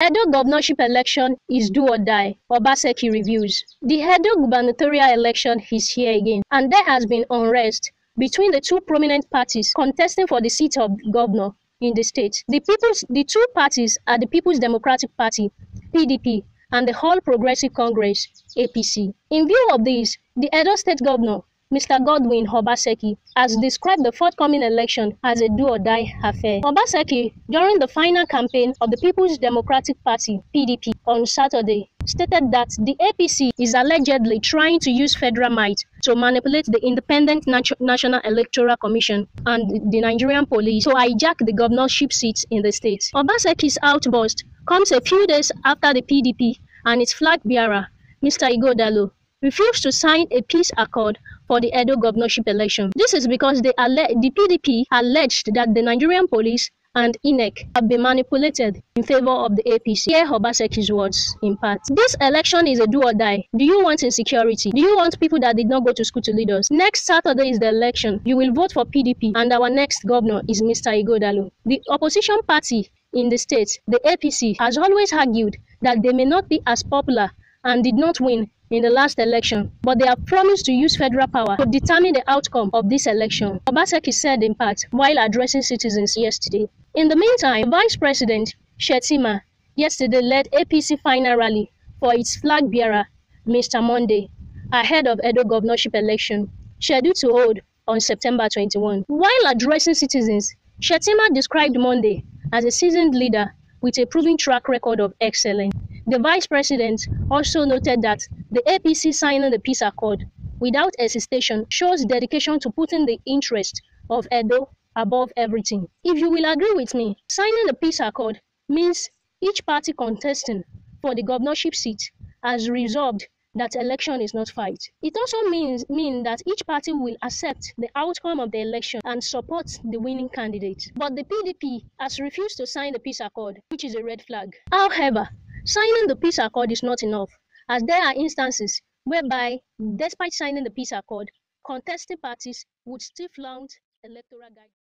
Edo governorship election is do or die, Obaseki reviews. The Edo gubernatorial election is here again, and there has been unrest between the two prominent parties contesting for the seat of governor in the state. The, people's, the two parties are the People's Democratic Party, PDP, and the All Progressive Congress, APC. In view of this, the Edo State Governor, Mr. Godwin Obaseki has described the forthcoming election as a do-or-die affair. Obaseki, during the final campaign of the People's Democratic Party (PDP) on Saturday, stated that the APC is allegedly trying to use federal might to manipulate the Independent Nat National Electoral Commission and the Nigerian police to hijack the governorship seats in the state. Obaseki's outburst comes a few days after the PDP and its flag bearer, Mr. Igodalo, refused to sign a peace accord for the Edo governorship election. This is because the PDP alleged that the Nigerian police and INEC have been manipulated in favor of the APC. Here Hobaseki's words in part. This election is a do or die. Do you want insecurity? Do you want people that did not go to school to lead us? Next Saturday is the election. You will vote for PDP and our next governor is Mr. Igodalo. The opposition party in the state, the APC, has always argued that they may not be as popular and did not win in the last election, but they have promised to use federal power to determine the outcome of this election, Obaseki said in part while addressing citizens yesterday. In the meantime, Vice President Shetima yesterday led APC final rally for its flag bearer, Mr. Monday, ahead of Edo governorship election, scheduled to hold on September 21. While addressing citizens, Shetima described Monday as a seasoned leader with a proven track record of excellence. The vice president also noted that the APC signing the peace accord without hesitation shows dedication to putting the interest of Edo above everything. If you will agree with me, signing the peace accord means each party contesting for the governorship seat has resolved that election is not fight. It also means mean that each party will accept the outcome of the election and support the winning candidate. But the PDP has refused to sign the peace accord, which is a red flag. However, Signing the peace accord is not enough, as there are instances whereby, despite signing the peace accord, contesting parties would still flaunt electoral guidelines.